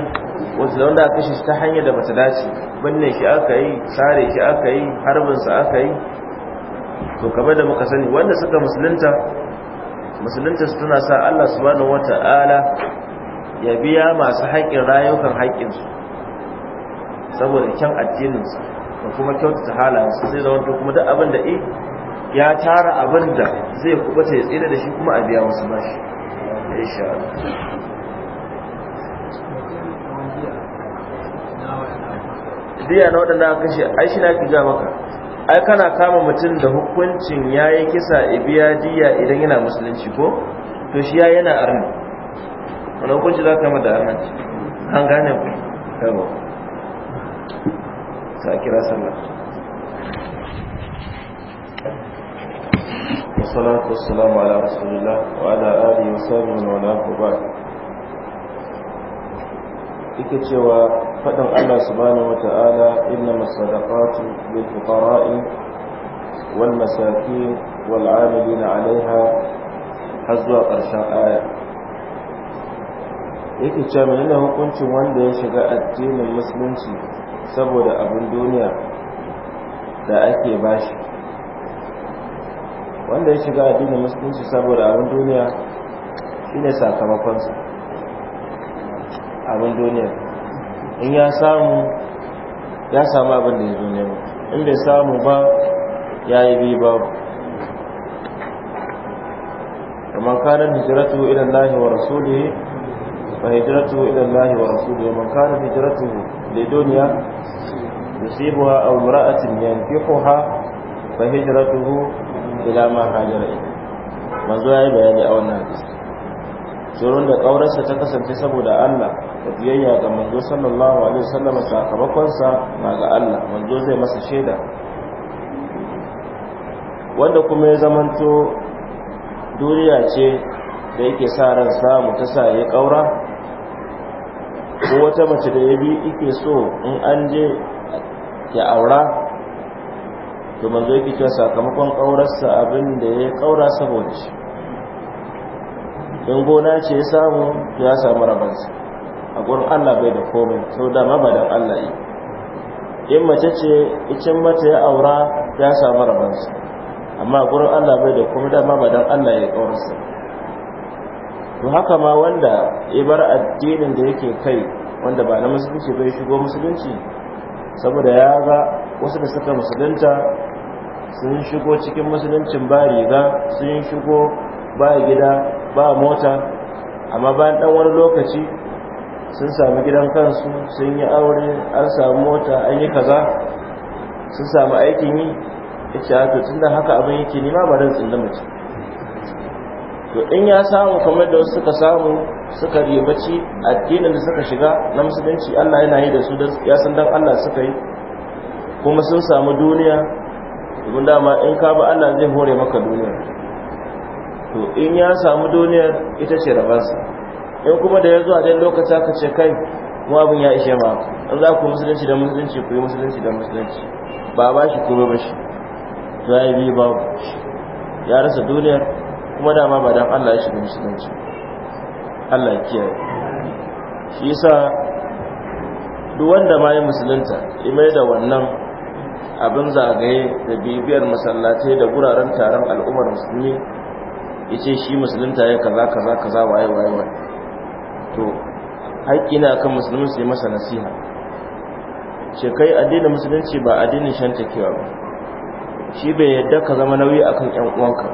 wasu wanda aka kashe ta hanyar da bata dace binne shi aka yi sare shi aka yi harbin sa aka yi to kamar da muka sani wanda suka musulunta musulunta su tana sa Allah subhanahu wata'ala ya biya masu haƙƙin rayukan haƙƙinsu saboda kyan addininsu da kuma kyautata halayensu sai zama to kuma duk abin da ya tara abin da zai kubuta ya tsira da shi kuma a biya wasu bashi insha biya na waɗanda aka kashe ai shi na fi ga maka ai kana kama mutum da hukuncin ya yi kisa ibiya diya idan yana musulunci ko to shi ya yana arna Wani hukunci za ka yi da arna an gane ku sai kira sallah wasalatu wassalamu ala rasulillah wa ala alihi wa sahbihi wa ala ba'd yake cewa faɗin Allah subhanahu wata'ala innamas sadaqatu lil fuqara'i wal masakin wal 'amilina 'alayha har zuwa ƙarshen aya yake cewa menene hukuncin wanda ya shiga addinin musulunci saboda abin duniya da ake bashi wanda ya shiga addinin musulunci saboda abin duniya shine sakamakonsa abin duniya in ya samu ya samu abin da ya zo nemo in bai samu ba ya yi bi babu kanin hijiratu ilallahi wa الله ورسوله hijiratu ilallahi wa ورسوله ومن kanin hijiratu لدنيا يصيبها أو امرأة ينكحها فهجرته إلى ما هاجر إليه manzo ya bayani a wannan hadisi tsoron da ƙaurarsa ta kasance saboda Allah da biyayya ga manzo sallallahu alaihi wasallam sakamakonsa na ga Allah manzo zai masa shaida wanda kuma ya zamanto duniya ce da yake sa ran samu ta sa ya ƙaura ko wata mace da ya bi ike so in an je ya aura to manzo yake cewa sakamakon ƙaurarsa abin da ya kaura saboda shi in gona ce ya samu ya samu rabansa a gurin Allah bai da komai sau da mabadan Allah yi in mace ce icin mata ya aura ya samu rabansa amma gurin Allah bai da komai da mabadan Allah ya ƙaurarsa to haka ma wanda ya bar addinin da yake kai wanda ba na musulunci bai shigo musulunci saboda ya ga wasu da suka musulunta sun shigo cikin musuluncin ba riga sun shigo ba gida ba mota amma bayan dan wani lokaci sun sami gidan kansu sun yi aure an samu mota an yi kaza sun sami aikin yi ya ce tun da haka abin yake nima ba don tsinda mace to in ya samu kamar da wasu suka samu suka ribaci addinin da suka shiga na musulunci Allah yana yi da su ya san dan Allah suka yi kuma sun samu duniya domin dama in ka ba Allah zai hore maka duniya to in ya samu duniyar ita ce rabansa in kuma da ya zuwa dai lokaci aka ce kai kuma abin ya ishe ma in za ku musulunci da musulunci ku yi musulunci da musulunci ba ba shi kuma ba shi to ya yi biyu babu ya rasa duniyar kuma dama ba dan Allah ya shiga musulunci Allah ya kiyaye shi yasa duk wanda ma ya musulunta ya mai da wannan abin zagaye da bibiyar masallatai da guraren taron al'ummar musulmi ya ce shi musulunta ya kaza kaza kaza waye waye waye to haƙƙi na kan musulmi su yi masa nasiha ce kai addinin musulunci ba addinin shan kewa ba shi bai yadda ka zama nauyi akan 'yan uwanka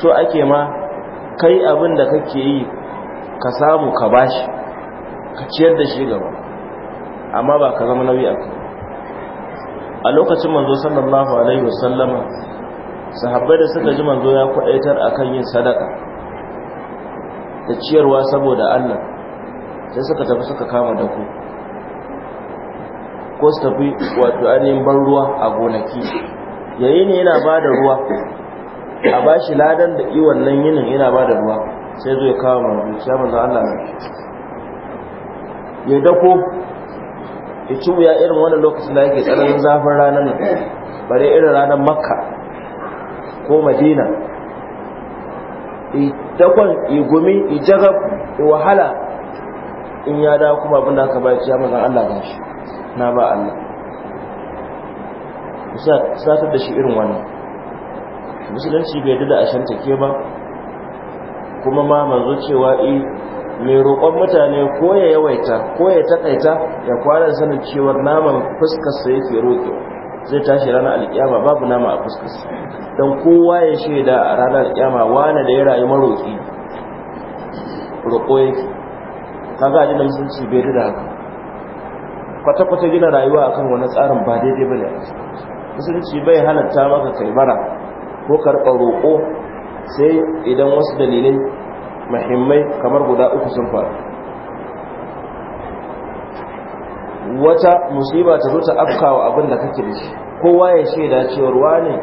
so ake ma kai abin da kake yi ka samu ka bashi ka ciyar da shi gaba amma ba ka zama nauyi a a lokacin manzo sallallahu alaihi wasallama sahabbai da suka ji manzo ya kwadaitar akan yin sadaka da ciyarwa saboda Allah sai suka tafi suka kama da ku ko su tafi wato ainihin ban ruwa a gonaki yayi ne yana da ruwa a ba shi ladan da yi wannan yinin yana ba da ruwa sai zo ya kawo manzo sai manzo Allah ne ya dako ya ci wuya irin wani lokacin da yake tsananin zafin ranar nan bare irin ranar makka ko madina dakon igumi ijagab wahala in ya dawo kuma abin da aka ba ya da Allah ne shi na ba Allah sa da shi irin wannan musulunci bai yadda a shanta ke ba kuma ma manzo cewa i eh, mai roƙon mutane ko ya yawaita ko ya taƙaita ya kwana sanin cewar naman fuskarsa yake roƙe zai tashi ranar alƙiyama babu nama a fuskarsa don kowa ya shaida a ranar alƙiyama wane da ya rayu maroƙi roƙo yake kaga a jinin musulunci bai yadda haka kwata-kwata gina rayuwa akan wani tsarin ba daidai ba ne musulunci bai halatta maka kai bara ko karɓar roƙo sai idan wasu dalilai mahimmai kamar guda uku sun faru wata musiba ta zo ta afkawa abin da kake da shi kowa ya shaida cewa ne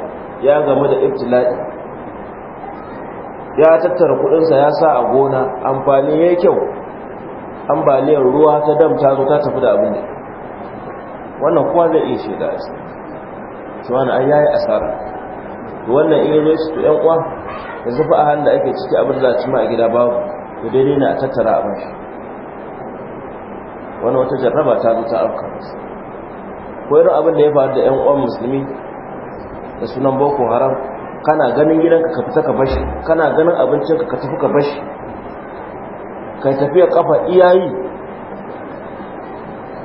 ya gamu da ibtila'i ya tattara kudinsa ya sa a gona amfani ya kyau ambaliyar ruwa ta dam ta zo ta tafi da abin da wannan kowa zai iya shaida a wani an yayi asara wannan in ruwa shi to yan uwa yanzu a hannun da ake ciki abin da ci ma a gida babu da daidai na a tattara abin shi wani wata jarraba ta zuta ta afka ko irin abin da ya faru da yan uwan musulmi da sunan boko haram kana ganin gidanka ka fita ka bashi kana ganin abincinka ka tafi ka bashi kai tafiya kafa iyayi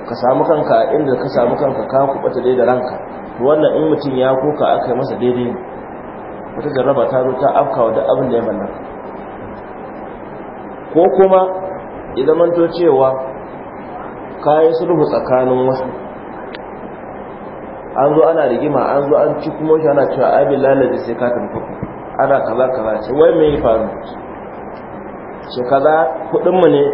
ka samu kanka inda ka samu kanka ka kubata dai da ranka to wannan in mutum ya koka aka yi masa daidai ne wata jarraba ta zo ta afkawa da abin da ya mallaka ko kuma idan manto cewa kayan sulhu tsakanin wasu an zo ana rigima an zo an ci kuma shi ana cewa abin lalace sai ka tafi ana kaza kaza ce wai me yi faru ce kaza kudin mu ne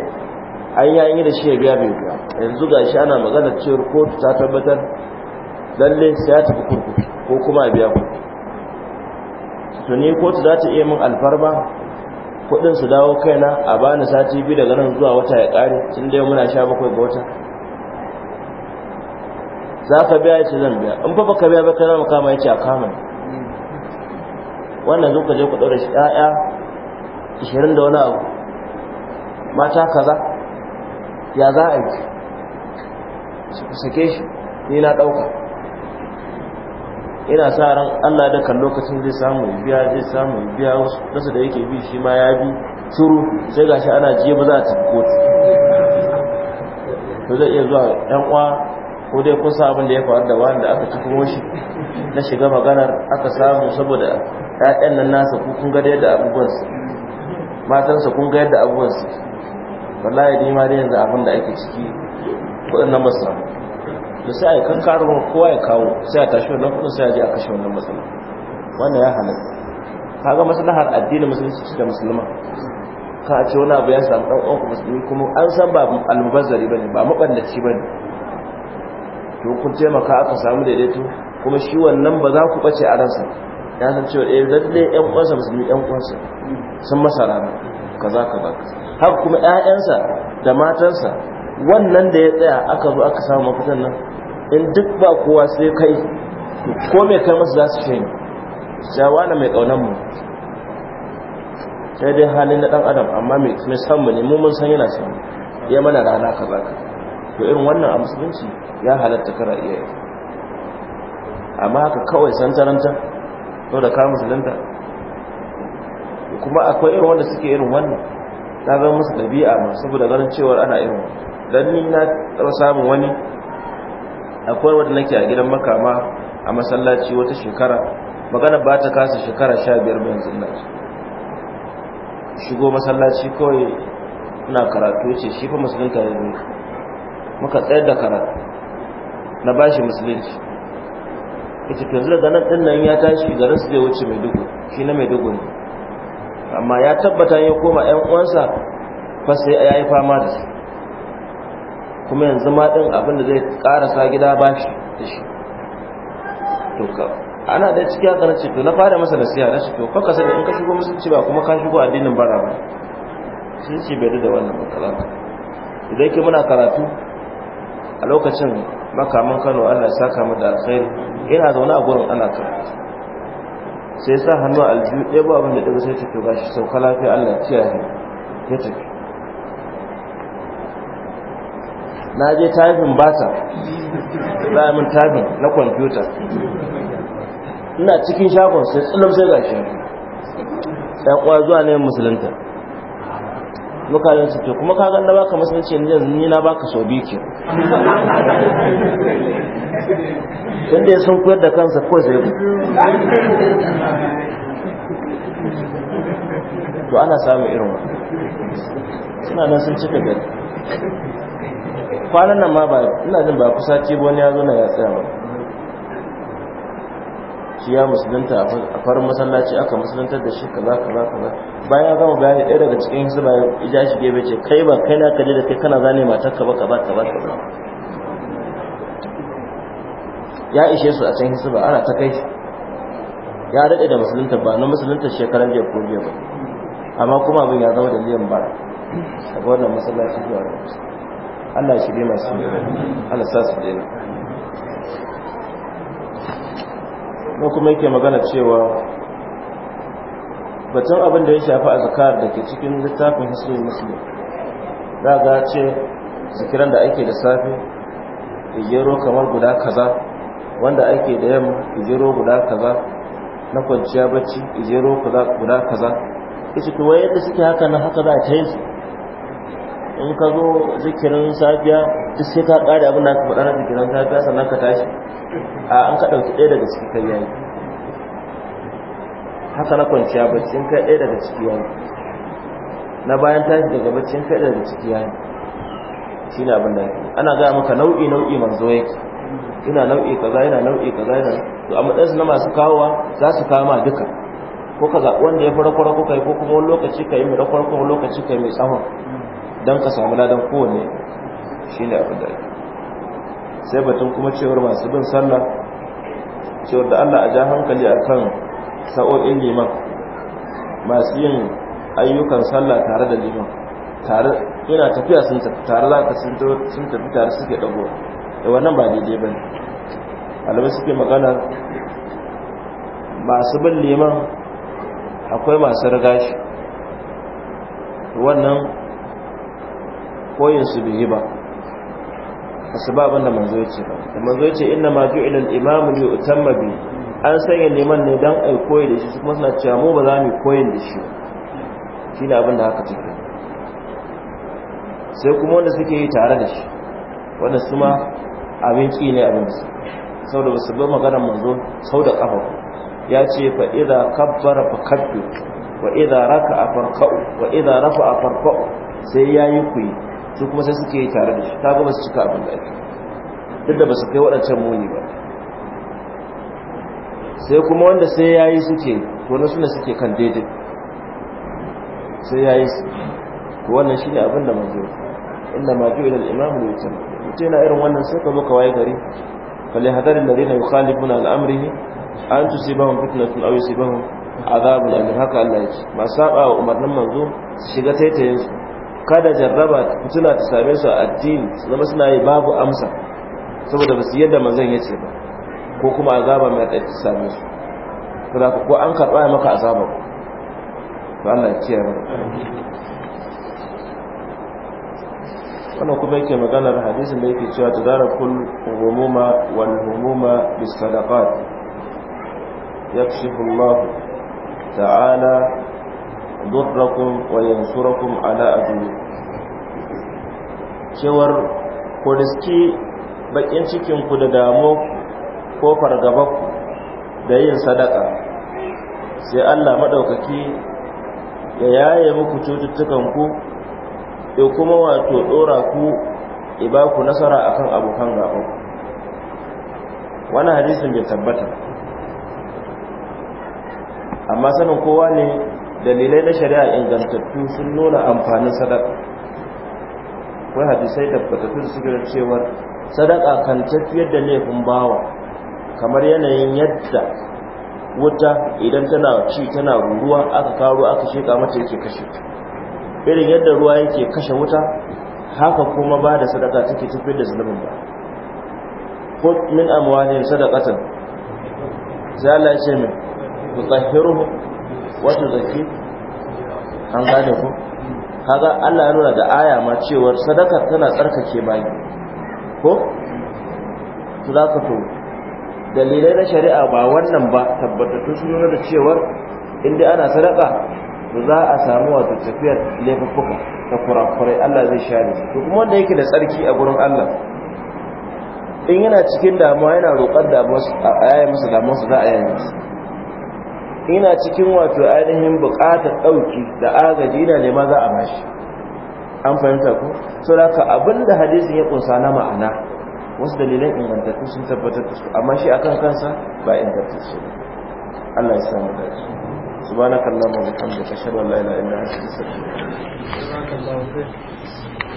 an yi da shi ya biya bai biya yanzu gashi ana magana cewar kotu ta tabbatar lalle sai ya tafi kurkuku ko kuma a biya kurkuku to ne kotu za ta iya min alfarma kudin su dawo kaina a bani sati biyu daga nan zuwa wata ya kare tun da yau muna sha bakwai ga wata za ka biya ya ce zan biya in fa baka biya ba kana makama kama ce a kama wannan zo ka je ku ɗaura shi ɗaya ishirin da wani abu mata kaza ya za a yi su sake shi ni na ɗauka ina sa ran Allah da kan lokacin zai samu biya zai samu biya wasu da yake bi shi ma ya bi turu sai gashi ana jiye ba za a ci kotu to zai iya zuwa yan uwa ko dai kun sa abin da ya faru da wanda aka ci kuma shi na shiga maganar aka samu saboda ƴaƴan nan nasa ku kun ga yadda abubuwan su sa kun ga yadda abubuwan su wallahi ni ma dai yanzu abin da ake ciki kuɗin nan ba su samu da sai a yi kankarar kowa ya kawo sai a tashi wannan kudin sai a ji a kashe wannan matsala wannan ya halatta ga maslahar addinin musulunci ce da musulma ka a ce wani abu ya samu ɗan uwanku musulmi kuma an san ba ba ne ba maɓallaci ba ne. to kun taimaka aka samu daidaito kuma shi wannan ba za ku ɓace a ransa ya san cewa eh lalle ƴan ƙwansa musulmi ƴan ƙwansa sun masa rana kaza kaza haka kuma ƴaƴansa da matansa wannan da ya tsaya aka zo aka samu mafitan nan in duk ba kowa sai kai ko mai kai masu za su shi shawa na mai ƙaunar mu sai dai halin na ɗan adam amma mai san mu ne mu mun san yana san ya mana rana ka ka to irin wannan a musulunci ya halatta kara yi. amma haka kawai san taranta, to da ka musulunta kuma akwai irin wanda suke irin wannan ta zama musu ɗabi'a ma saboda ganin cewar ana irin wannan dan ni na taɓa samun wani akwai wanda nake a gidan makama a masallaci wata shekara magana ba ta kasa shekara sha biyar bayan zilla shigo masallaci kawai na karatu ce shi fa musulunta ya zuwa muka tsayar da karatu na ba shi musulunci ita tunzu daga nan ɗin nan ya tashi garin su zai wuce mai dugu shi na mai dugu ne amma ya tabbata ya koma 'yan uwansa fa sai ya yi fama da su kuma yanzu ma ɗin abin da zai ƙarasa gida ba shi da shi to ka ana da ciki a na ce to na fara masa siya na ce to fa ka sani in ka shigo ci ba kuma ka shigo addinin bara ba sun ce bai da wannan ba idan ke muna karatu a lokacin makaman Kano Allah ya saka mu da alkhairi ina zaune a gurin ana karatu sai sa hannu aljihu ɗaya ba abin da ɗaya sai ta to shi sauka lafiya Allah ya kiyaye ya tafi na je tafin bata, na a tafin na kwamfuta ina cikin shagon sai tsilam sai gashi ya kwa zuwa ne musulunta mutanen su ce kuma kagan na baka musulunci ne yanzu ni na baka so biyu ke tunda ya sun koyar da kansa ko zai sai to ana samun irin wa. suna nan sun cika gari kwanan nan ma ba ina jin ba kusa ce wani ya zo na ya tsaya ba shi ya musulunta a farin masallaci aka musulunta da shi kaza kaza kaza bayan ya gama bayani ɗaya daga cikin hisba ya ja shi gefe ce kai ba kai na kaje da kai kana zane matar ka ba ka ba ka ba ka ba ya ishe su a can ba ana ta kai ya daɗe da musulunta ba na musulunta shekaran jiya ko jiya ba amma kuma abin ya zama da liyan bara saboda masallaci zuwa da musulunta Allah shi shirye masu Allah sa su daina ko kuma yake magana cewa batun abin da ya shafi a zakar da ke cikin littafin hisnul muslim za ga ce zikiran da ake da safe ijero kamar guda kaza wanda ake da yamma ijero guda kaza na kwanciya bacci ijero guda kaza ita to wai yadda suke haka na haka za a ta yi su in ka zo zikirin safiya duk sai ka ƙara abin da ka faɗa na zikirin safiya sannan ka tashi a an ka ɗauki ɗaya daga ciki kai yayi haka na kwanciya bacci in kai ɗaya daga ciki yayi na bayan tashi daga bacci in kai ɗaya daga ciki yayi shi ne abin da yake ana gaya maka nau'i nau'i manzo yake ina nau'i kaza ina nau'i kaza ina to a matsayinsu na masu kawowa za su kawo ma duka ko ka zaɓi wanda ya fi rakwara ko kai ko kuma wani lokaci ka yi mai rakwara ko wani lokaci ka yi mai tsawon don ka samu ladan kowanne shi ne abin da ake sai batun kuma cewar masu bin sallah cewar da allah a ja hankali a kan sa'o'in liman masu yin ayyukan sallah tare da liman tare yana tafiya sun tafi tare za ka sun tafi tare suke dago da wannan ba daidai ba ne alamai suke magana masu bin liman akwai masu riga shi wannan koyin su bai yi ba asbabin da manzo yace ba da manzo yace inna ma ju'ila al-imam li utamma bi an sanya liman ne dan ai koyi da shi kuma suna cewa mu ba za mu koyin da shi shine abin da aka tafi sai kuma wanda suke yi tare da shi wanda su ma abin ki ne abin su saboda basu zo maganar manzo sau da kafa ya ce fa idza kabbara fa kabbir wa idza raka'a farka'u wa idza rafa'a farka'u sai yayi kuyi su kuma sai suke yi tare da shi ta gaba su cika abin da ake duk da ba su kai waɗancan muni ba sai kuma wanda sai ya yi suke to na suna suke kan daidai sai ya yi su ko wannan shi ne abin da mazo inda mazo idan ilal imamu ne mutum mutum yana irin wannan sai ka zo ka waye gari kalli hadarin da muna al'amri ne an tun auyi si bahun azabun alim haka Allah ya ce ba saba wa umarnin manzo su shiga taitayen su kada jarraba fituna ta same su a addini zama suna yi babu amsa saboda ba su yadda manzan ya ce ba ko kuma azaba mai ɗaya ta same su saboda ko an karɓa maka azaba ko ba Allah ya kiyaye mana wannan kuma yake maganar hadisin da yake cewa ta tadara kul humuma wal humuma bis sadaqat yakshifu Allah ta'ala durrakum wa yansurakum ala adu cewar ku riski bakin cikin ku da damo ko fargaba ku da yin sadaka sai Allah madaukaki ya yaye muku cututtukan ku ya kuma wato dora ku ba ku nasara akan abokan gaban wannan hadisin bai tabbata amma sanin kowa ne dalilai na shari'a ingantattu sun nuna amfanin sadaka akwai hadisai tabbatattu da suke cewa sadaka kan tafiyar da laifin bawa kamar yanayin yadda wuta idan tana ci tana ruwa aka karo aka sheka mata yake kashe irin yadda ruwa yake kashe wuta haka kuma ba da sadaka take tafiyar da zunubin ba ko min amwalin sadaqatan sai Allah ya wato zaki an gane ku kaga Allah ya nuna da aya ma cewar sadaka tana tsarkake bayi ko to za ka to dalilai na shari'a ba wannan ba tabbatattu sun nuna da cewar inda ana sadaka to za a samu wato tafiyar laifuffuka ta kurakurai Allah zai share su to kuma wanda yake da tsarki a gurin Allah in yana cikin damuwa yana roƙar damuwa a yayin masa damuwa su za a yayin masa ina cikin wato ainihin buƙatar ɗauki da agaji na ma za a bashi an fahimta ku sau da ka abinda hadisin ya ƙunsa na ma'ana wasu dalilan ingantattu sun tabbatar da su amma shi akan kansa ba ingantattu su Allah ya samu da su subhanakallahumma wa bihamdika ashhadu an la ilaha illa anta astaghfiruka wa atubu ilaik